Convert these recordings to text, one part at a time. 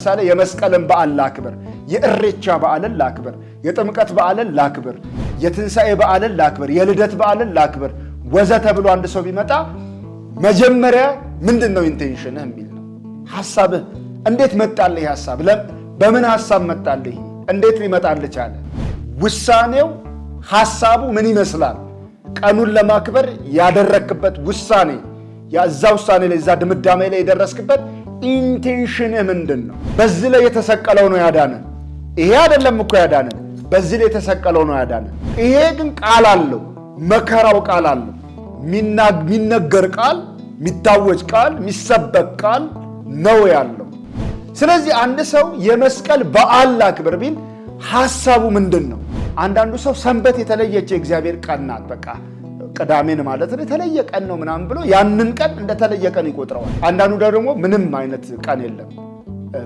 ለምሳሌ የመስቀልን በዓል ላክብር፣ የእሬቻ በዓልን ላክብር፣ የጥምቀት በዓልን ላክብር፣ የትንሣኤ በዓልን ላክብር፣ የልደት በዓልን ላክብር ወዘ ተብሎ አንድ ሰው ቢመጣ መጀመሪያ ምንድን ነው ኢንቴንሽንህ የሚል ነው። ሐሳብህ እንዴት መጣልህ? ሐሳብ በምን ሐሳብ መጣልህ? እንዴት ሊመጣልህ ቻለ? ውሳኔው ሐሳቡ ምን ይመስላል? ቀኑን ለማክበር ያደረክበት ውሳኔ፣ እዛ ውሳኔ ላይ እዛ ድምዳሜ ላይ የደረስክበት ኢንቴንሽንህ ምንድን ነው? በዚህ ላይ የተሰቀለው ነው ያዳነን። ይሄ አይደለም እኮ ያዳነን፣ በዚህ ላይ የተሰቀለው ነው ያዳነን። ይሄ ግን ቃል አለው፣ መከራው ቃል አለው። የሚነገር ቃል፣ የሚታወጅ ቃል፣ የሚሰበክ ቃል ነው ያለው። ስለዚህ አንድ ሰው የመስቀል በዓል ላክብር ቢል ሀሳቡ ምንድን ነው? አንዳንዱ ሰው ሰንበት የተለየች የእግዚአብሔር ቀናት በቃ ቅዳሜን ማለት ነው የተለየ ቀን ነው ምናምን ብሎ ያንን ቀን እንደተለየ ቀን ይቆጥረዋል። አንዳንዱ ደግሞ ምንም አይነት ቀን የለም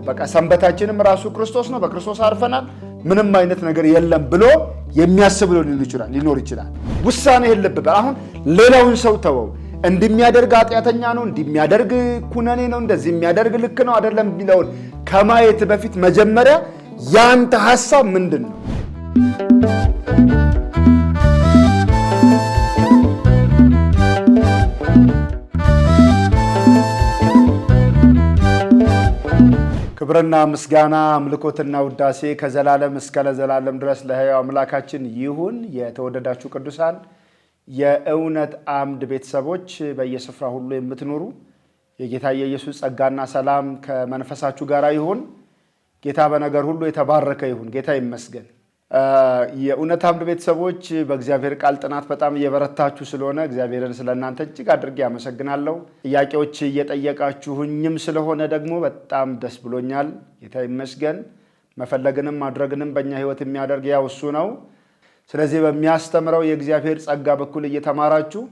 በቃ ሰንበታችንም ራሱ ክርስቶስ ነው፣ በክርስቶስ አርፈናል፣ ምንም አይነት ነገር የለም ብሎ የሚያስብ ሊኖር ይችላል። ውሳኔ የለብበት። አሁን ሌላውን ሰው ተወው። እንዲሚያደርግ ኃጢአተኛ ነው፣ እንዲሚያደርግ ኩነኔ ነው፣ እንደዚህ የሚያደርግ ልክ ነው አይደለም የሚለውን ከማየት በፊት መጀመሪያ ያንተ ሀሳብ ምንድን ነው? ክብርና ምስጋና አምልኮትና ውዳሴ ከዘላለም እስከ ለዘላለም ድረስ ለሕያው አምላካችን ይሁን። የተወደዳችሁ ቅዱሳን የእውነት አምድ ቤተሰቦች በየስፍራ ሁሉ የምትኖሩ የጌታ የኢየሱስ ጸጋና ሰላም ከመንፈሳችሁ ጋር ይሁን። ጌታ በነገር ሁሉ የተባረከ ይሁን። ጌታ ይመስገን። የእውነት አምድ ቤተሰቦች በእግዚአብሔር ቃል ጥናት በጣም እየበረታችሁ ስለሆነ እግዚአብሔርን ስለ እናንተ እጅግ አድርጌ አመሰግናለሁ። ጥያቄዎች እየጠየቃችሁኝም ስለሆነ ደግሞ በጣም ደስ ብሎኛል። ጌታ ይመስገን። መፈለግንም ማድረግንም በእኛ ሕይወት የሚያደርግ ያው እሱ ነው። ስለዚህ በሚያስተምረው የእግዚአብሔር ጸጋ በኩል እየተማራችሁ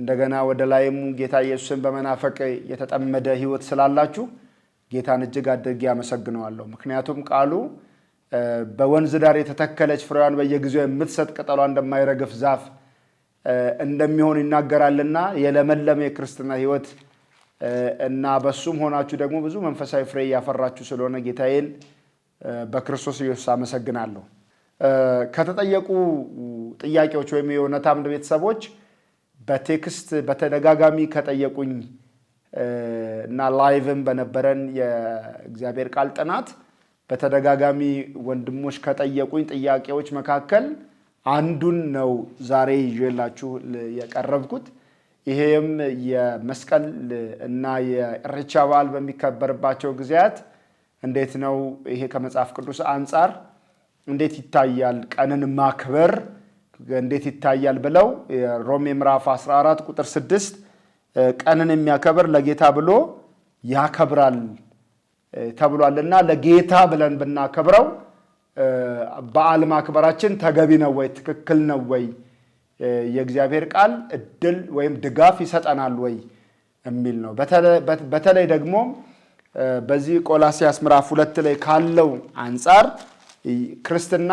እንደገና ወደ ላይም ጌታ ኢየሱስን በመናፈቅ የተጠመደ ሕይወት ስላላችሁ ጌታን እጅግ አድርጌ አመሰግነዋለሁ። ምክንያቱም ቃሉ በወንዝ ዳር የተተከለች ፍሬዋን በየጊዜው የምትሰጥ ቅጠሏ እንደማይረግፍ ዛፍ እንደሚሆን ይናገራልና የለመለመ የክርስትና ህይወት እና በሱም ሆናችሁ ደግሞ ብዙ መንፈሳዊ ፍሬ እያፈራችሁ ስለሆነ ጌታዬን በክርስቶስ ኢየሱስ አመሰግናለሁ። ከተጠየቁ ጥያቄዎች ወይም የእውነት አምድ ቤተሰቦች በቴክስት በተደጋጋሚ ከጠየቁኝ እና ላይቭም በነበረን የእግዚአብሔር ቃል ጥናት በተደጋጋሚ ወንድሞች ከጠየቁኝ ጥያቄዎች መካከል አንዱን ነው ዛሬ ይዤላችሁ የቀረብኩት። ይሄም የመስቀል እና የኢሬቻ በዓል በሚከበርባቸው ጊዜያት እንዴት ነው ይሄ ከመጽሐፍ ቅዱስ አንጻር እንዴት ይታያል፣ ቀንን ማክበር እንዴት ይታያል ብለው ሮሜ ምዕራፍ 14 ቁጥር 6 ቀንን የሚያከብር ለጌታ ብሎ ያከብራል ተብሏልና ለጌታ ብለን ብናከብረው በዓል ማክበራችን ተገቢ ነው ወይ? ትክክል ነው ወይ? የእግዚአብሔር ቃል እድል ወይም ድጋፍ ይሰጠናል ወይ የሚል ነው። በተለይ ደግሞ በዚህ ቆላሲያስ ምዕራፍ ሁለት ላይ ካለው አንጻር ክርስትና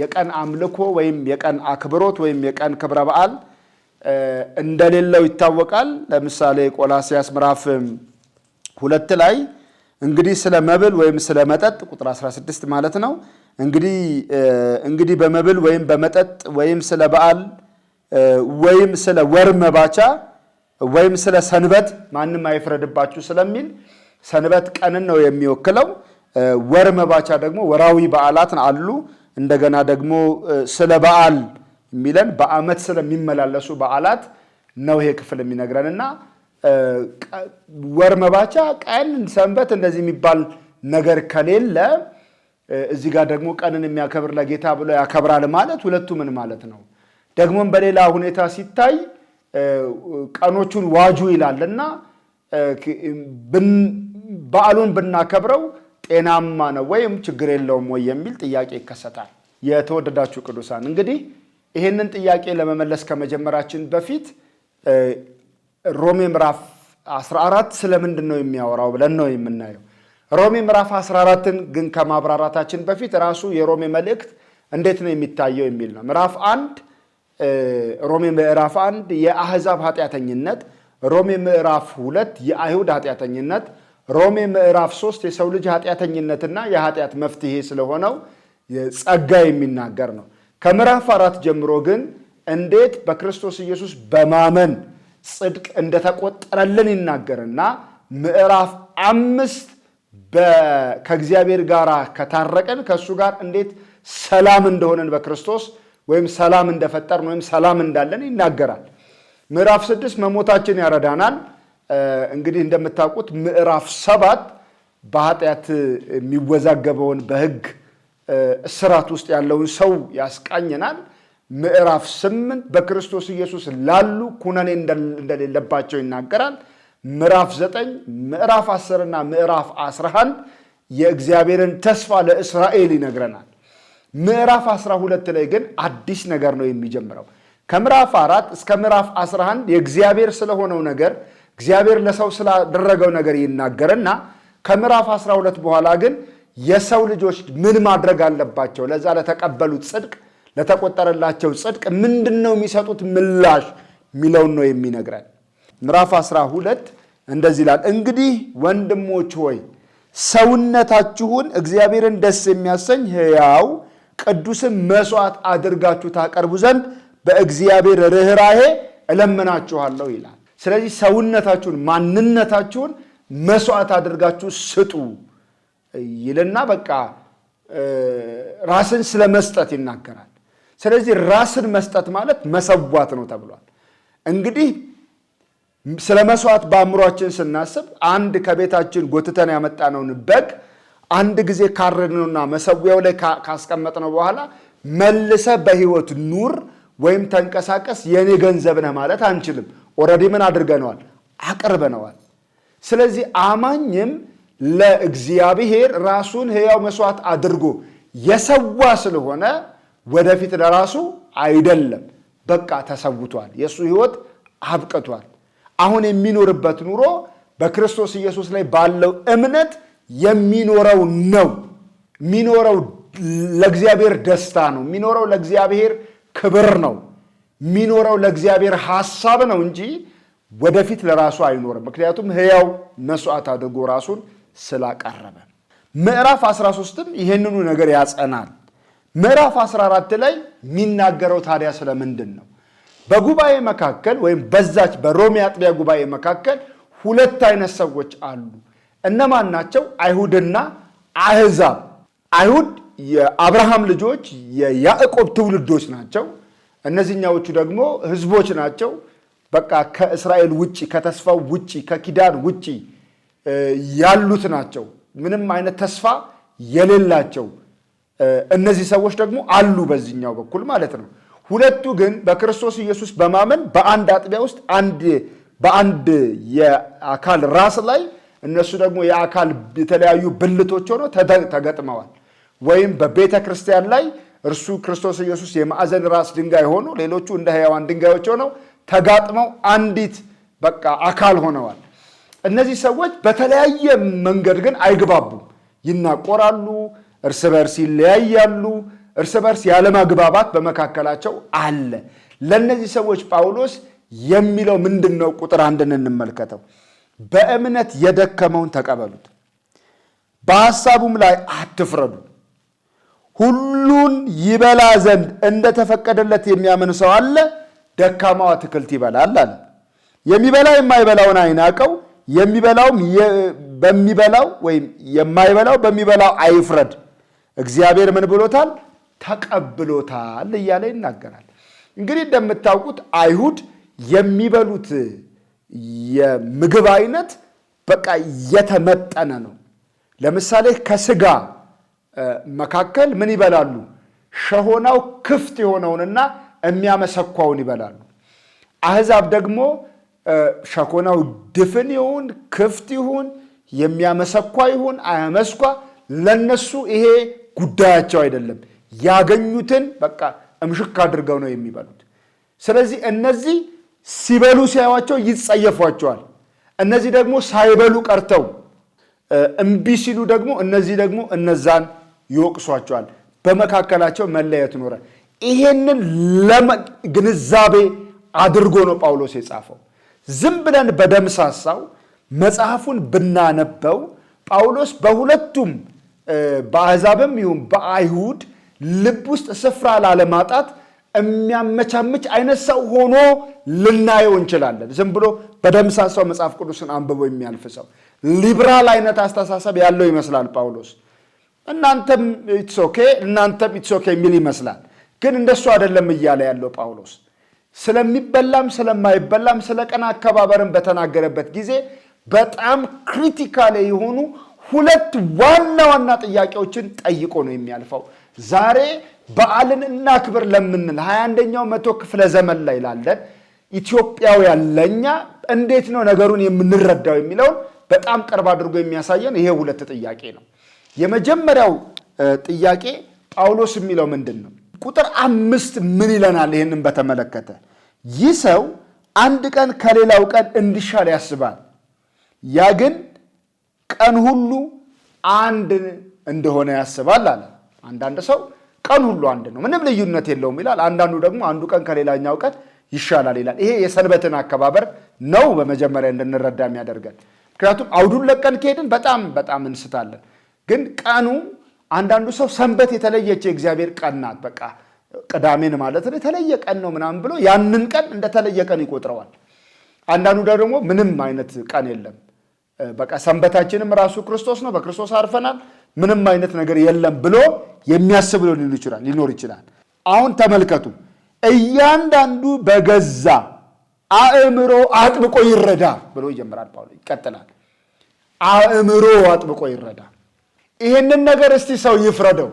የቀን አምልኮ ወይም የቀን አክብሮት ወይም የቀን ክብረ በዓል እንደሌለው ይታወቃል። ለምሳሌ ቆላሲያስ ምዕራፍ ሁለት ላይ እንግዲህ ስለ መብል ወይም ስለ መጠጥ ቁጥር 16 ማለት ነው። እንግዲህ እንግዲህ በመብል ወይም በመጠጥ ወይም ስለ በዓል ወይም ስለ ወር መባቻ ወይም ስለ ሰንበት ማንም አይፍረድባችሁ ስለሚል ሰንበት ቀንን ነው የሚወክለው። ወር መባቻ ደግሞ ወራዊ በዓላት አሉ። እንደገና ደግሞ ስለ በዓል የሚለን በዓመት ስለሚመላለሱ በዓላት ነው ይሄ ክፍል እና ወር መባቻ፣ ቀን፣ ሰንበት እንደዚህ የሚባል ነገር ከሌለ እዚህ ጋር ደግሞ ቀንን የሚያከብር ለጌታ ብሎ ያከብራል ማለት ሁለቱ ምን ማለት ነው? ደግሞም በሌላ ሁኔታ ሲታይ ቀኖቹን ዋጁ ይላል እና በዓሉን ብናከብረው ጤናማ ነው ወይም ችግር የለውም ወይ የሚል ጥያቄ ይከሰታል። የተወደዳችሁ ቅዱሳን እንግዲህ ይህንን ጥያቄ ለመመለስ ከመጀመራችን በፊት ሮሜ ምዕራፍ 14 ስለምንድን ነው የሚያወራው ብለን ነው የምናየው። ሮሜ ምዕራፍ 14ን ግን ከማብራራታችን በፊት ራሱ የሮሜ መልእክት እንዴት ነው የሚታየው የሚል ነው። ምዕራፍ አንድ ሮሜ ምዕራፍ አንድ የአህዛብ ኃጢአተኝነት፣ ሮሜ ምዕራፍ ሁለት የአይሁድ ኃጢአተኝነት፣ ሮሜ ምዕራፍ ሶስት የሰው ልጅ ኃጢአተኝነትና የኃጢአት መፍትሄ ስለሆነው ጸጋ የሚናገር ነው። ከምዕራፍ አራት ጀምሮ ግን እንዴት በክርስቶስ ኢየሱስ በማመን ጽድቅ እንደተቆጠረልን ይናገርና ምዕራፍ አምስት ከእግዚአብሔር ጋር ከታረቀን ከእሱ ጋር እንዴት ሰላም እንደሆነን በክርስቶስ ወይም ሰላም እንደፈጠርን ወይም ሰላም እንዳለን ይናገራል። ምዕራፍ ስድስት መሞታችን ያረዳናል። እንግዲህ እንደምታውቁት ምዕራፍ ሰባት በኃጢአት የሚወዛገበውን በሕግ እስራት ውስጥ ያለውን ሰው ያስቃኘናል። ምዕራፍ ስምንት በክርስቶስ ኢየሱስ ላሉ ኩነኔ እንደሌለባቸው ይናገራል። ምዕራፍ ዘጠኝ ምዕራፍ አስርና ምዕራፍ አስራ አንድ የእግዚአብሔርን ተስፋ ለእስራኤል ይነግረናል። ምዕራፍ አስራ ሁለት ላይ ግን አዲስ ነገር ነው የሚጀምረው። ከምዕራፍ አራት እስከ ምዕራፍ አስራ አንድ የእግዚአብሔር ስለሆነው ነገር እግዚአብሔር ለሰው ስላደረገው ነገር ይናገርና ከምዕራፍ አስራ ሁለት በኋላ ግን የሰው ልጆች ምን ማድረግ አለባቸው ለዛ ለተቀበሉት ጽድቅ ለተቆጠረላቸው ጽድቅ ምንድን ነው የሚሰጡት ምላሽ የሚለውን ነው የሚነግረን። ምዕራፍ 12 እንደዚህ ይላል፣ እንግዲህ ወንድሞች ሆይ ሰውነታችሁን እግዚአብሔርን ደስ የሚያሰኝ ሕያው ቅዱስን መሥዋዕት አድርጋችሁ ታቀርቡ ዘንድ በእግዚአብሔር ርኅራሄ እለምናችኋለሁ ይላል። ስለዚህ ሰውነታችሁን ማንነታችሁን መሥዋዕት አድርጋችሁ ስጡ ይልና በቃ ራስን ስለ መስጠት ይናገራል። ስለዚህ ራስን መስጠት ማለት መሰዋት ነው ተብሏል። እንግዲህ ስለ መስዋዕት በአእምሯችን ስናስብ አንድ ከቤታችን ጎትተን ያመጣነውን በግ አንድ ጊዜ ካረድነውና መሰዊያው ላይ ካስቀመጥነው በኋላ መልሰ በህይወት ኑር ወይም ተንቀሳቀስ የኔ ገንዘብ ነህ ማለት አንችልም። ኦልሬዲ ምን አድርገነዋል? አቅርበነዋል። ስለዚህ አማኝም ለእግዚአብሔር ራሱን ህያው መስዋዕት አድርጎ የሰዋ ስለሆነ ወደፊት ለራሱ አይደለም፣ በቃ ተሰውቷል። የእሱ ህይወት አብቅቷል። አሁን የሚኖርበት ኑሮ በክርስቶስ ኢየሱስ ላይ ባለው እምነት የሚኖረው ነው። የሚኖረው ለእግዚአብሔር ደስታ ነው። የሚኖረው ለእግዚአብሔር ክብር ነው። የሚኖረው ለእግዚአብሔር ሐሳብ ነው እንጂ ወደፊት ለራሱ አይኖርም። ምክንያቱም ሕያው መስዋዕት አድርጎ ራሱን ስላቀረበ ምዕራፍ 13ም ይህንኑ ነገር ያጸናል። ምዕራፍ 14 ላይ የሚናገረው ታዲያ ስለምንድን ነው? በጉባኤ መካከል ወይም በዛች በሮሜ አጥቢያ ጉባኤ መካከል ሁለት አይነት ሰዎች አሉ። እነማን ናቸው? አይሁድና አህዛብ። አይሁድ የአብርሃም ልጆች የያዕቆብ ትውልዶች ናቸው። እነዚህኛዎቹ ደግሞ ህዝቦች ናቸው። በቃ ከእስራኤል ውጭ ከተስፋው ውጭ ከኪዳን ውጭ ያሉት ናቸው። ምንም አይነት ተስፋ የሌላቸው እነዚህ ሰዎች ደግሞ አሉ በዚህኛው በኩል ማለት ነው። ሁለቱ ግን በክርስቶስ ኢየሱስ በማመን በአንድ አጥቢያ ውስጥ አንድ በአንድ የአካል ራስ ላይ እነሱ ደግሞ የአካል የተለያዩ ብልቶች ሆነው ተገጥመዋል። ወይም በቤተ ክርስቲያን ላይ እርሱ ክርስቶስ ኢየሱስ የማዕዘን ራስ ድንጋይ ሆኖ ሌሎቹ እንደ ሕያዋን ድንጋዮች ሆነው ተጋጥመው አንዲት በቃ አካል ሆነዋል። እነዚህ ሰዎች በተለያየ መንገድ ግን አይግባቡም፣ ይናቆራሉ እርስ በርስ ይለያያሉ፣ እርስ በርስ ያለማግባባት በመካከላቸው አለ። ለእነዚህ ሰዎች ጳውሎስ የሚለው ምንድን ነው? ቁጥር አንድን እንመልከተው። በእምነት የደከመውን ተቀበሉት፣ በሐሳቡም ላይ አትፍረዱ። ሁሉን ይበላ ዘንድ እንደተፈቀደለት የሚያምን ሰው አለ፣ ደካማው አትክልት ይበላል አለ። የሚበላ የማይበላውን አይናቀው፣ የሚበላውም በሚበላው ወይም የማይበላው በሚበላው አይፍረድ እግዚአብሔር ምን ብሎታል? ተቀብሎታል እያለ ይናገራል። እንግዲህ እንደምታውቁት አይሁድ የሚበሉት የምግብ አይነት በቃ የተመጠነ ነው። ለምሳሌ ከስጋ መካከል ምን ይበላሉ? ሸሆናው ክፍት የሆነውንና የሚያመሰኳውን ይበላሉ። አህዛብ ደግሞ ሸኮናው ድፍን ይሁን ክፍት ይሁን የሚያመሰኳ ይሁን አያመስኳ ለነሱ ይሄ ጉዳያቸው አይደለም። ያገኙትን በቃ እምሽክ አድርገው ነው የሚበሉት። ስለዚህ እነዚህ ሲበሉ ሲያዩቸው ይጸየፏቸዋል። እነዚህ ደግሞ ሳይበሉ ቀርተው እምቢ ሲሉ ደግሞ እነዚህ ደግሞ እነዛን ይወቅሷቸዋል። በመካከላቸው መለየት ኖረ። ይሄንን ግንዛቤ አድርጎ ነው ጳውሎስ የጻፈው። ዝም ብለን በደምሳሳው መጽሐፉን ብናነበው ጳውሎስ በሁለቱም በአሕዛብም ይሁን በአይሁድ ልብ ውስጥ ስፍራ ላለማጣት የሚያመቻምች አይነት ሰው ሆኖ ልናየው እንችላለን። ዝም ብሎ በደምሳሳው መጽሐፍ ቅዱስን አንብቦ የሚያልፍ ሰው ሊብራል አይነት አስተሳሰብ ያለው ይመስላል ጳውሎስ። እናንተም ኢትሶኬ እናንተም የሚል ይመስላል። ግን እንደሱ አይደለም እያለ ያለው ጳውሎስ ስለሚበላም ስለማይበላም ስለ ቀን አከባበርን በተናገረበት ጊዜ በጣም ክሪቲካል የሆኑ ሁለት ዋና ዋና ጥያቄዎችን ጠይቆ ነው የሚያልፈው። ዛሬ በዓልን እናክብር ለምንል ሀያ አንደኛው መቶ ክፍለ ዘመን ላይ ላለን ኢትዮጵያውያን ለእኛ እንዴት ነው ነገሩን የምንረዳው የሚለውን በጣም ቅርብ አድርጎ የሚያሳየን ይሄ ሁለት ጥያቄ ነው። የመጀመሪያው ጥያቄ ጳውሎስ የሚለው ምንድን ነው? ቁጥር አምስት ምን ይለናል? ይህንን በተመለከተ ይህ ሰው አንድ ቀን ከሌላው ቀን እንዲሻል ያስባል። ያ ግን ቀን ሁሉ አንድ እንደሆነ ያስባል አለ። አንዳንድ ሰው ቀን ሁሉ አንድ ነው፣ ምንም ልዩነት የለውም ይላል። አንዳንዱ ደግሞ አንዱ ቀን ከሌላኛው ቀን ይሻላል ይላል። ይሄ የሰንበትን አከባበር ነው በመጀመሪያ እንድንረዳ የሚያደርገን። ምክንያቱም አውዱን ለቀን ከሄድን በጣም በጣም እንስታለን። ግን ቀኑ አንዳንዱ ሰው ሰንበት የተለየች የእግዚአብሔር ቀን ናት፣ በቃ ቅዳሜን ማለት ነው የተለየ ቀን ነው ምናምን ብሎ ያንን ቀን እንደተለየ ቀን ይቆጥረዋል። አንዳንዱ ደግሞ ምንም አይነት ቀን የለም በቃ ሰንበታችንም ራሱ ክርስቶስ ነው፣ በክርስቶስ አርፈናል፣ ምንም አይነት ነገር የለም ብሎ የሚያስብ ሊኖር ይችላል። አሁን ተመልከቱ፣ እያንዳንዱ በገዛ አእምሮ አጥብቆ ይረዳ ብሎ ይጀምራል ጳውሎስ። ይቀጥላል፣ አእምሮ አጥብቆ ይረዳ። ይህንን ነገር እስቲ ሰው ይፍረደው፣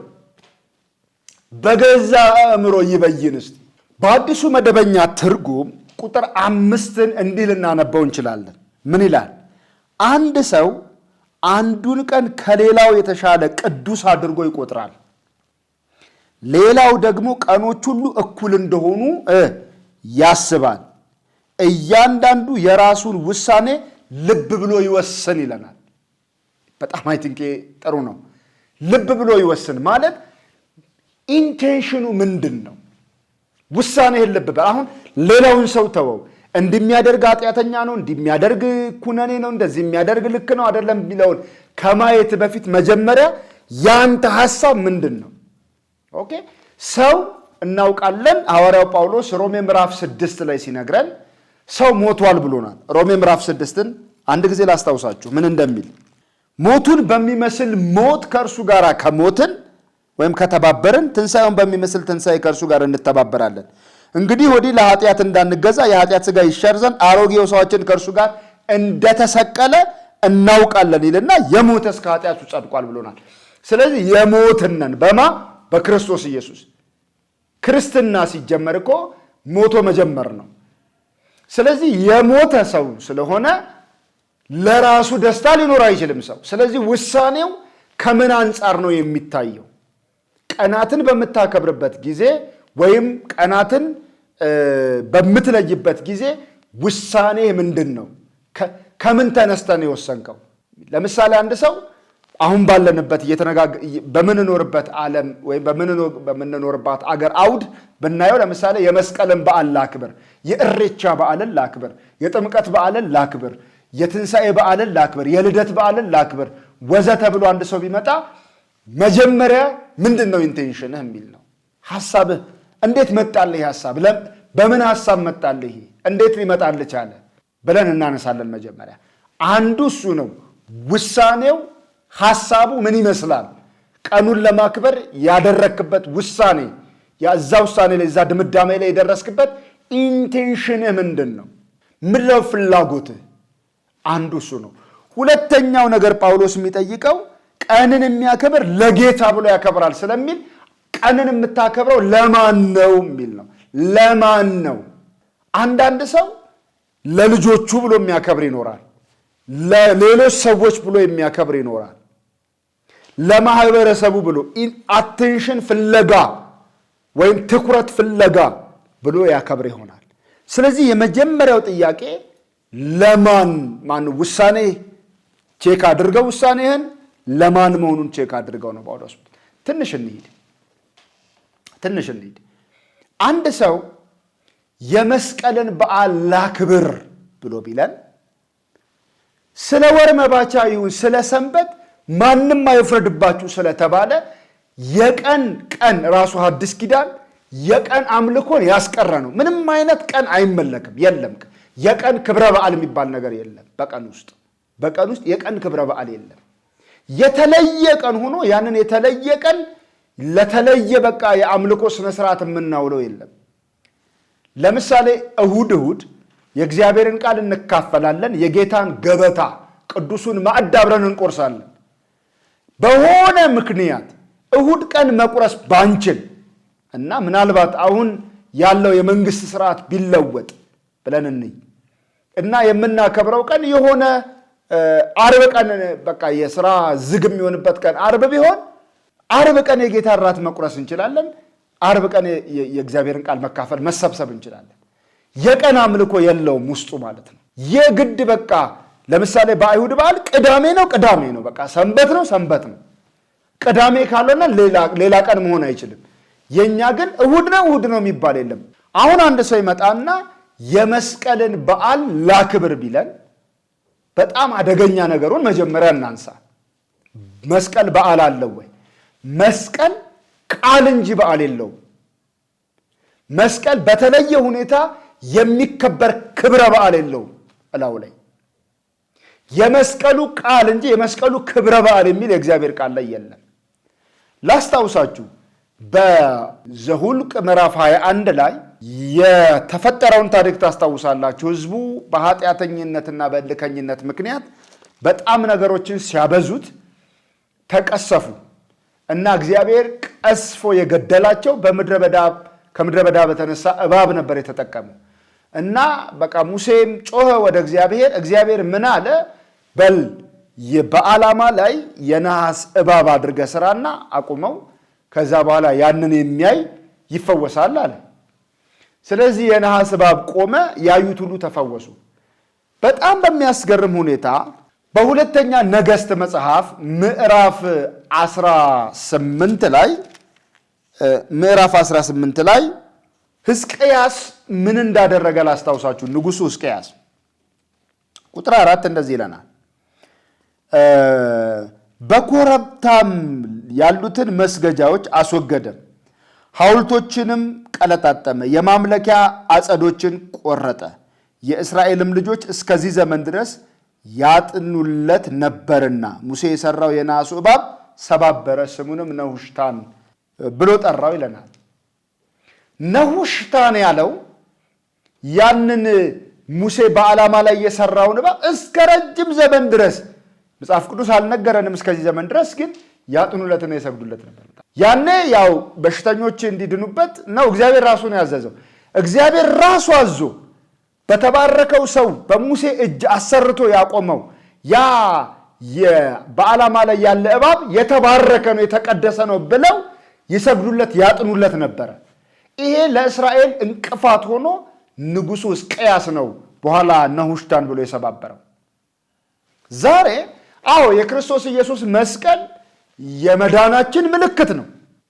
በገዛ አእምሮ ይበይን። እስቲ በአዲሱ መደበኛ ትርጉም ቁጥር አምስትን እንዲህ ልናነበው እንችላለን። ምን ይላል? አንድ ሰው አንዱን ቀን ከሌላው የተሻለ ቅዱስ አድርጎ ይቆጥራል። ሌላው ደግሞ ቀኖች ሁሉ እኩል እንደሆኑ ያስባል። እያንዳንዱ የራሱን ውሳኔ ልብ ብሎ ይወስን ይለናል። በጣም አይትንኬ ጥሩ ነው። ልብ ብሎ ይወስን ማለት ኢንቴንሽኑ ምንድን ነው? ውሳኔህን ልብ በል። አሁን ሌላውን ሰው ተወው፣ እንዲሚያደርግ ኃጢአተኛ ነው፣ እንዲሚያደርግ ኩነኔ ነው፣ እንደዚህ የሚያደርግ ልክ ነው አይደለም የሚለውን ከማየት በፊት መጀመሪያ ያንተ ሀሳብ ምንድን ነው? ኦኬ ሰው እናውቃለን። ሐዋርያው ጳውሎስ ሮሜ ምዕራፍ ስድስት ላይ ሲነግረን ሰው ሞቷል ብሎናል። ሮሜ ምዕራፍ ስድስትን አንድ ጊዜ ላስታውሳችሁ ምን እንደሚል ሞቱን በሚመስል ሞት ከእርሱ ጋር ከሞትን ወይም ከተባበርን ትንሣኤውን በሚመስል ትንሣኤ ከእርሱ ጋር እንተባበራለን። እንግዲህ ወዲህ ለኃጢአት እንዳንገዛ የኃጢአት ሥጋ ይሻር ዘንድ አሮጌው ሰዋችን ከእርሱ ጋር እንደተሰቀለ እናውቃለን ይልና የሞተ እስከ ኃጢአቱ ጸድቋል ብሎናል። ስለዚህ የሞትነን በማ በክርስቶስ ኢየሱስ። ክርስትና ሲጀመር እኮ ሞቶ መጀመር ነው። ስለዚህ የሞተ ሰው ስለሆነ ለራሱ ደስታ ሊኖር አይችልም ሰው። ስለዚህ ውሳኔው ከምን አንጻር ነው የሚታየው? ቀናትን በምታከብርበት ጊዜ ወይም ቀናትን በምትለይበት ጊዜ ውሳኔ ምንድን ነው? ከምን ተነስተን የወሰንከው? ለምሳሌ አንድ ሰው አሁን ባለንበት በምንኖርበት ዓለም ወይም በምንኖርባት አገር አውድ ብናየው ለምሳሌ የመስቀልን በዓል ላክብር፣ የእሬቻ በዓልን ላክብር፣ የጥምቀት በዓልን ላክብር፣ የትንሣኤ በዓልን ላክብር፣ የልደት በዓልን ላክብር ወዘ ተብሎ አንድ ሰው ቢመጣ መጀመሪያ ምንድን ነው ኢንቴንሽንህ የሚል ነው ሐሳብህ እንዴት መጣልህ ሀሳብ በምን ሀሳብ መጣልህ እንዴት ሊመጣል ቻለ ብለን እናነሳለን። መጀመሪያ አንዱ እሱ ነው። ውሳኔው ሀሳቡ ምን ይመስላል? ቀኑን ለማክበር ያደረክበት ውሳኔ እዛ ውሳኔ ላይ እዛ ድምዳሜ ላይ የደረስክበት ኢንቴንሽንህ ምንድን ነው? ምለው ፍላጎትህ አንዱ እሱ ነው። ሁለተኛው ነገር ጳውሎስ የሚጠይቀው ቀንን የሚያከብር ለጌታ ብሎ ያከብራል ስለሚል ቀንን የምታከብረው ለማን ነው የሚል ነው። ለማን ነው? አንዳንድ ሰው ለልጆቹ ብሎ የሚያከብር ይኖራል። ለሌሎች ሰዎች ብሎ የሚያከብር ይኖራል። ለማህበረሰቡ ብሎ አቴንሽን ፍለጋ ወይም ትኩረት ፍለጋ ብሎ ያከብር ይሆናል። ስለዚህ የመጀመሪያው ጥያቄ ለማን ማን ውሳኔ ቼክ አድርገው ውሳኔህን ለማን መሆኑን ቼክ አድርገው ነው። ጳውሎስ ትንሽ እንሂድ። ትንሽ እንሂድ። አንድ ሰው የመስቀልን በዓል ላክብር ብሎ ቢለን ስለ ወር መባቻ ይሁን ስለ ሰንበት ማንም አይፍረድባችሁ ስለተባለ የቀን ቀን ራሱ ሐዲስ ኪዳን የቀን አምልኮን ያስቀረ ነው። ምንም አይነት ቀን አይመለክም፣ የለም። የቀን ክብረ በዓል የሚባል ነገር የለም። በቀን ውስጥ በቀን ውስጥ የቀን ክብረ በዓል የለም። የተለየ ቀን ሆኖ ያንን የተለየ ቀን ለተለየ በቃ የአምልኮ ስነስርዓት የምናውለው የለም። ለምሳሌ እሁድ እሁድ የእግዚአብሔርን ቃል እንካፈላለን። የጌታን ገበታ ቅዱሱን ማዕድ አብረን እንቆርሳለን። በሆነ ምክንያት እሁድ ቀን መቁረስ ባንችል እና ምናልባት አሁን ያለው የመንግስት ስርዓት ቢለወጥ ብለን እንይ እና የምናከብረው ቀን የሆነ አርብ ቀን በቃ የስራ ዝግ የሚሆንበት ቀን አርብ ቢሆን አርብ ቀን የጌታ እራት መቁረስ እንችላለን። አርብ ቀን የእግዚአብሔርን ቃል መካፈል መሰብሰብ እንችላለን። የቀን አምልኮ የለውም ውስጡ ማለት ነው። የግድ በቃ ለምሳሌ በአይሁድ በዓል ቅዳሜ ነው ቅዳሜ ነው በቃ ሰንበት ነው ሰንበት ነው ቅዳሜ ካልሆነ ሌላ ቀን መሆን አይችልም። የእኛ ግን እሁድ ነው እሁድ ነው የሚባል የለም። አሁን አንድ ሰው ይመጣና የመስቀልን በዓል ላክብር ቢለን በጣም አደገኛ ነገሩን መጀመሪያ እናንሳ። መስቀል በዓል አለው ወይ? መስቀል ቃል እንጂ በዓል የለውም። መስቀል በተለየ ሁኔታ የሚከበር ክብረ በዓል የለውም። እላው ላይ የመስቀሉ ቃል እንጂ የመስቀሉ ክብረ በዓል የሚል የእግዚአብሔር ቃል ላይ የለም። ላስታውሳችሁ በዘሁልቅ ምዕራፍ 21 ላይ የተፈጠረውን ታሪክ ታስታውሳላችሁ። ህዝቡ በኃጢአተኝነትና በእልከኝነት ምክንያት በጣም ነገሮችን ሲያበዙት ተቀሰፉ። እና እግዚአብሔር ቀስፎ የገደላቸው በምድረ በዳ ከምድረ በዳ በተነሳ እባብ ነበር የተጠቀመው። እና በቃ ሙሴም ጮኸ ወደ እግዚአብሔር። እግዚአብሔር ምን አለ? በል በዓላማ ላይ የነሐስ እባብ አድርገ ስራና አቁመው፣ ከዛ በኋላ ያንን የሚያይ ይፈወሳል አለ። ስለዚህ የነሐስ እባብ ቆመ፣ ያዩት ሁሉ ተፈወሱ። በጣም በሚያስገርም ሁኔታ በሁለተኛ ነገሥት መጽሐፍ ምዕራፍ 18 ላይ ምዕራፍ 18 ላይ ህዝቅያስ ምን እንዳደረገ ላስታውሳችሁ። ንጉሱ ህዝቅያስ ቁጥር አራት እንደዚህ ይለናል። በኮረብታም ያሉትን መስገጃዎች አስወገደ ሐውልቶችንም ቀለጣጠመ፣ የማምለኪያ አጸዶችን ቆረጠ። የእስራኤልም ልጆች እስከዚህ ዘመን ድረስ ያጥኑለት ነበርና ሙሴ የሰራው የነሐሱ እባብ ሰባበረ፣ ስሙንም ነሁሽታን ብሎ ጠራው ይለናል። ነሁሽታን ያለው ያንን ሙሴ በዓላማ ላይ የሰራውን እባብ እስከ ረጅም ዘመን ድረስ መጽሐፍ ቅዱስ አልነገረንም። እስከዚህ ዘመን ድረስ ግን ያጥኑለትና የሰግዱለት ነበር። ያኔ ያው በሽተኞች እንዲድኑበት ነው እግዚአብሔር ራሱ ነው ያዘዘው። እግዚአብሔር ራሱ አዞ በተባረከው ሰው በሙሴ እጅ አሰርቶ ያቆመው ያ በዓላማ ላይ ያለ እባብ የተባረከ ነው የተቀደሰ ነው ብለው ይሰግዱለት ያጥኑለት ነበረ። ይሄ ለእስራኤል እንቅፋት ሆኖ ንጉሱ ሕዝቅያስ ነው በኋላ ነሁሽታን ብሎ የሰባበረው። ዛሬ አዎ የክርስቶስ ኢየሱስ መስቀል የመዳናችን ምልክት ነው።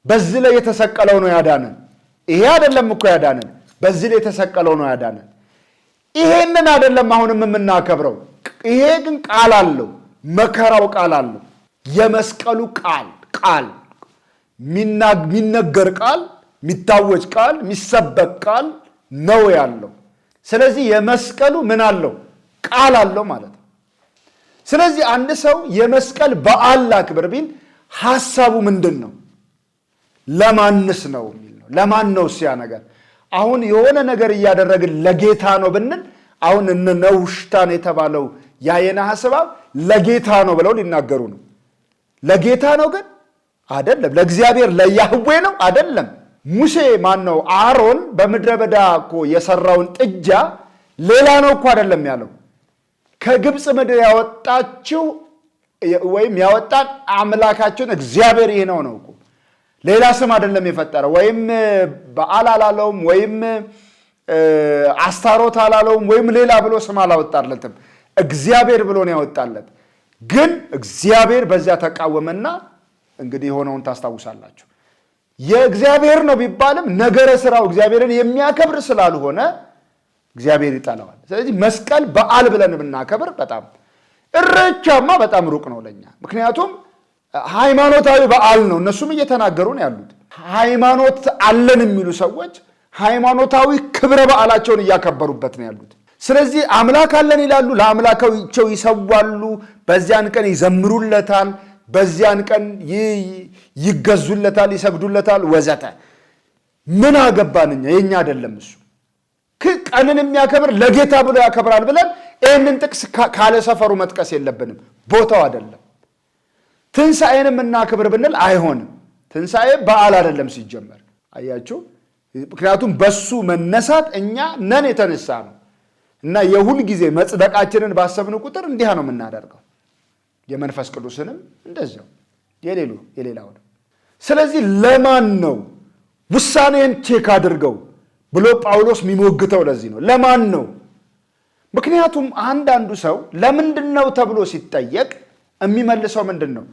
በዚህ ላይ የተሰቀለው ነው ያዳነን። ይሄ አይደለም እኮ ያዳነን፣ በዚህ ላይ የተሰቀለው ነው ያዳነን። ይሄንን አይደለም አሁንም የምናከብረው። ይሄ ግን ቃል አለው መከራው ቃል አለው። የመስቀሉ ቃል ቃል የሚነገር ቃል የሚታወጅ ቃል የሚሰበክ ቃል ነው ያለው። ስለዚህ የመስቀሉ ምን አለው? ቃል አለው ማለት ነው። ስለዚህ አንድ ሰው የመስቀል በዓል ላክብር ቢል ሀሳቡ ምንድን ነው? ለማንስ ነው የሚል ነው። ለማን ነው ሲያ ነገር አሁን የሆነ ነገር እያደረግን ለጌታ ነው ብንል አሁን እነ ነውሽታን የተባለው ያ የነሐስ እባብ ለጌታ ነው ብለው ሊናገሩ ነው። ለጌታ ነው ግን አደለም። ለእግዚአብሔር ለያህዌ ነው አደለም። ሙሴ ማን ነው? አሮን በምድረ በዳ እኮ የሰራውን ጥጃ ሌላ ነው እኮ አደለም ያለው ከግብፅ ምድር ያወጣችው ወይም ያወጣን አምላካችን እግዚአብሔር ይህ ነው ነው እኮ ሌላ ስም አይደለም የፈጠረው። ወይም በዓል አላለውም፣ ወይም አስታሮት አላለውም፣ ወይም ሌላ ብሎ ስም አላወጣለትም። እግዚአብሔር ብሎ ነው ያወጣለት። ግን እግዚአብሔር በዚያ ተቃወመና እንግዲህ የሆነውን ታስታውሳላችሁ። የእግዚአብሔር ነው ቢባልም ነገረ ስራው እግዚአብሔርን የሚያከብር ስላልሆነ እግዚአብሔር ይጠላዋል። ስለዚህ መስቀል በዓል ብለን ብናከብር በጣም እረቻማ በጣም ሩቅ ነው ለኛ። ምክንያቱም ሃይማኖታዊ በዓል ነው። እነሱም እየተናገሩ ነው ያሉት ሃይማኖት አለን የሚሉ ሰዎች ሃይማኖታዊ ክብረ በዓላቸውን እያከበሩበት ነው ያሉት። ስለዚህ አምላክ አለን ይላሉ፣ ለአምላካቸው ይሰዋሉ፣ በዚያን ቀን ይዘምሩለታል፣ በዚያን ቀን ይገዙለታል፣ ይሰግዱለታል፣ ወዘተ። ምን አገባን እኛ? የኛ አይደለም እሱ። ቀንን የሚያከብር ለጌታ ብሎ ያከብራል ብለን ይህንን ጥቅስ ካለ ሰፈሩ መጥቀስ የለብንም፣ ቦታው አይደለም። ትንሣኤንም እናክብር ብንል አይሆንም። ትንሣኤ በዓል አይደለም ሲጀመር፣ አያችሁ። ምክንያቱም በሱ መነሳት እኛ ነን የተነሳ ነው እና የሁል ጊዜ መጽደቃችንን ባሰብን ቁጥር እንዲህ ነው የምናደርገው። የመንፈስ ቅዱስንም እንደዚያው የሌሉ የሌላውን። ስለዚህ ለማን ነው ውሳኔን ቼክ አድርገው ብሎ ጳውሎስ የሚሞግተው? ለዚህ ነው ለማን ነው። ምክንያቱም አንዳንዱ ሰው ለምንድን ነው ተብሎ ሲጠየቅ የሚመልሰው ምንድን ነው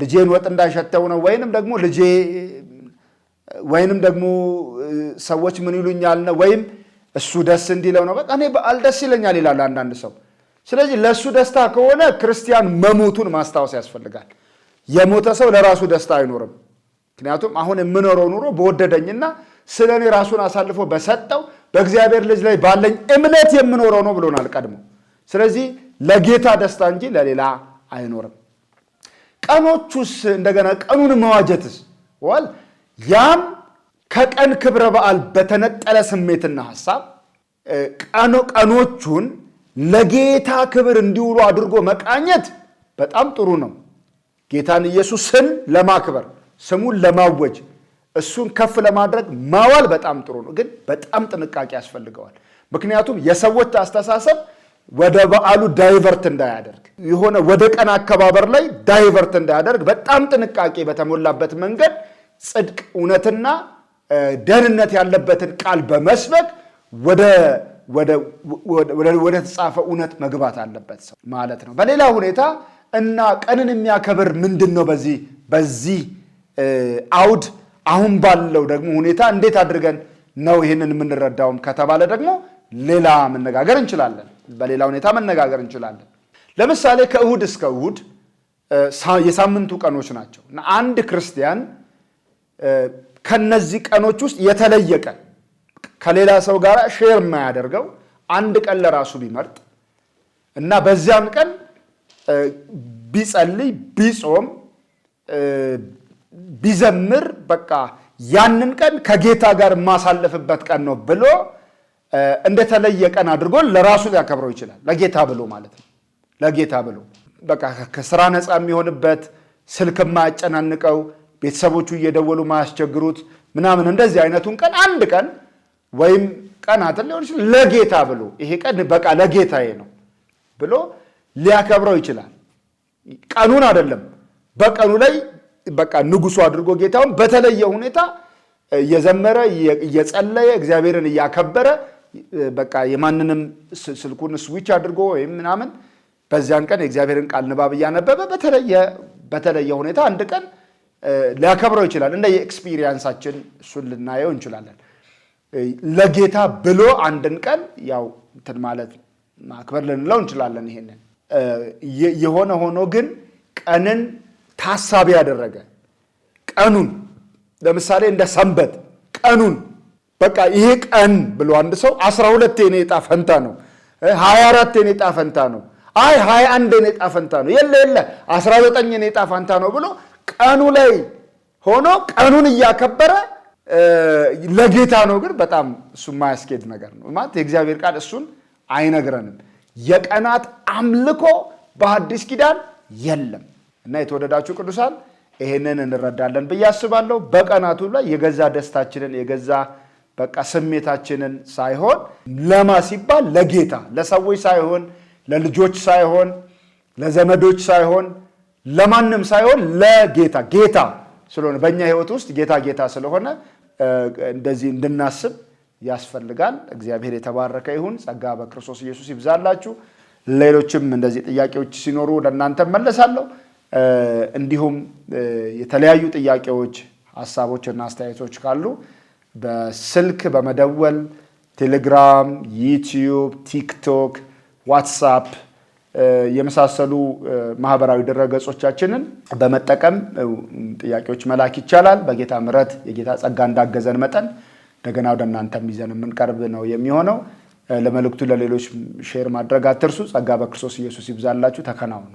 ልጄን ወጥ እንዳይሸተው ነው፣ ወይንም ደግሞ ልጄ ወይንም ደግሞ ሰዎች ምን ይሉኛል ነው ወይም እሱ ደስ እንዲለው ነው። በቃ እኔ በዓል ደስ ይለኛል ይላል አንዳንድ ሰው። ስለዚህ ለእሱ ደስታ ከሆነ ክርስቲያን መሞቱን ማስታወስ ያስፈልጋል። የሞተ ሰው ለራሱ ደስታ አይኖርም። ምክንያቱም አሁን የምኖረው ኑሮ በወደደኝና ስለ እኔ ራሱን አሳልፎ በሰጠው በእግዚአብሔር ልጅ ላይ ባለኝ እምነት የምኖረው ነው ብሎናል ቀድሞ። ስለዚህ ለጌታ ደስታ እንጂ ለሌላ አይኖርም። ቀኖቹስ እንደገና ቀኑን መዋጀትስ ዋል ያም ከቀን ክብረ በዓል በተነጠለ ስሜትና ሐሳብ ቀኖቹን ለጌታ ክብር እንዲውሉ አድርጎ መቃኘት በጣም ጥሩ ነው። ጌታን ኢየሱስን ለማክበር ስሙን ለማወጅ እሱን ከፍ ለማድረግ ማዋል በጣም ጥሩ ነው፣ ግን በጣም ጥንቃቄ ያስፈልገዋል። ምክንያቱም የሰዎች አስተሳሰብ ወደ በዓሉ ዳይቨርት እንዳያደርግ የሆነ ወደ ቀን አከባበር ላይ ዳይቨርት እንዳያደርግ በጣም ጥንቃቄ በተሞላበት መንገድ ጽድቅ እውነትና ደህንነት ያለበትን ቃል በመስበክ ወደ ተጻፈ እውነት መግባት አለበት ሰው ማለት ነው። በሌላ ሁኔታ እና ቀንን የሚያከብር ምንድን ነው? በዚህ በዚህ አውድ አሁን ባለው ደግሞ ሁኔታ እንዴት አድርገን ነው ይህንን የምንረዳውም ከተባለ ደግሞ ሌላ መነጋገር እንችላለን። በሌላ ሁኔታ መነጋገር እንችላለን። ለምሳሌ ከእሁድ እስከ እሁድ የሳምንቱ ቀኖች ናቸው እና አንድ ክርስቲያን ከነዚህ ቀኖች ውስጥ የተለየ ቀን ከሌላ ሰው ጋር ሼር የማያደርገው አንድ ቀን ለራሱ ቢመርጥ እና በዚያም ቀን ቢጸልይ፣ ቢጾም፣ ቢዘምር በቃ ያንን ቀን ከጌታ ጋር የማሳለፍበት ቀን ነው ብሎ እንደተለየ ቀን አድርጎ ለራሱ ሊያከብረው ይችላል። ለጌታ ብሎ ማለት ነው። ለጌታ ብሎ በቃ ከስራ ነፃ የሚሆንበት ስልክ የማያጨናንቀው ቤተሰቦቹ እየደወሉ ማያስቸግሩት ምናምን እንደዚህ አይነቱን ቀን አንድ ቀን ወይም ቀናት ሊሆን ይችላል ለጌታ ብሎ ይሄ ቀን በቃ ለጌታዬ ነው ብሎ ሊያከብረው ይችላል። ቀኑን አይደለም በቀኑ ላይ በቃ ንጉሱ አድርጎ ጌታውን በተለየ ሁኔታ እየዘመረ እየጸለየ እግዚአብሔርን እያከበረ በቃ የማንንም ስልኩን ስዊች አድርጎ ወይም ምናምን በዚያን ቀን የእግዚአብሔርን ቃል ንባብ እያነበበ በተለየ በተለየ ሁኔታ አንድ ቀን ሊያከብረው ይችላል። እንደ የኤክስፒሪየንሳችን እሱን ልናየው እንችላለን። ለጌታ ብሎ አንድን ቀን ያው እንትን ማለት ማክበር ልንለው እንችላለን። ይሄንን የሆነ ሆኖ ግን ቀንን ታሳቢ ያደረገ ቀኑን ለምሳሌ እንደ ሰንበት ቀኑን በቃ ይሄ ቀን ብሎ አንድ ሰው አስራ ሁለት የኔ ዕጣ ፈንታ ነው፣ ሀያ አራት የኔ ዕጣ ፈንታ ነው፣ አይ ሀያ አንድ የኔ ዕጣ ፈንታ ነው፣ የለ የለ አስራ ዘጠኝ የኔ ዕጣ ፈንታ ነው ብሎ ቀኑ ላይ ሆኖ ቀኑን እያከበረ ለጌታ ነው። ግን በጣም እሱ የማያስኬድ ነገር ነው ማለት የእግዚአብሔር ቃል እሱን አይነግረንም። የቀናት አምልኮ በአዲስ ኪዳን የለም እና የተወደዳችሁ ቅዱሳን ይሄንን እንረዳለን ብዬ አስባለሁ። በቀናቱ ላይ የገዛ ደስታችንን የገዛ በቃ ስሜታችንን ሳይሆን ለማ ሲባል ለጌታ ለሰዎች ሳይሆን ለልጆች ሳይሆን ለዘመዶች ሳይሆን ለማንም ሳይሆን ለጌታ ጌታ ስለሆነ በእኛ ህይወት ውስጥ ጌታ ጌታ ስለሆነ እንደዚህ እንድናስብ ያስፈልጋል። እግዚአብሔር የተባረከ ይሁን። ጸጋ በክርስቶስ ኢየሱስ ይብዛላችሁ። ሌሎችም እንደዚህ ጥያቄዎች ሲኖሩ ወደ እናንተ መለሳለሁ። እንዲሁም የተለያዩ ጥያቄዎች፣ ሀሳቦች እና አስተያየቶች ካሉ በስልክ በመደወል ቴሌግራም፣ ዩቲዩብ፣ ቲክቶክ፣ ዋትሳፕ የመሳሰሉ ማህበራዊ ድረገጾቻችንን በመጠቀም ጥያቄዎች መላክ ይቻላል። በጌታ ምረት የጌታ ጸጋ እንዳገዘን መጠን እንደገና ወደ እናንተም ይዘን የምንቀርብ ነው የሚሆነው። ለመልእክቱ ለሌሎች ሼር ማድረግ አትርሱ። ጸጋ በክርስቶስ ኢየሱስ ይብዛላችሁ። ተከናውኑ።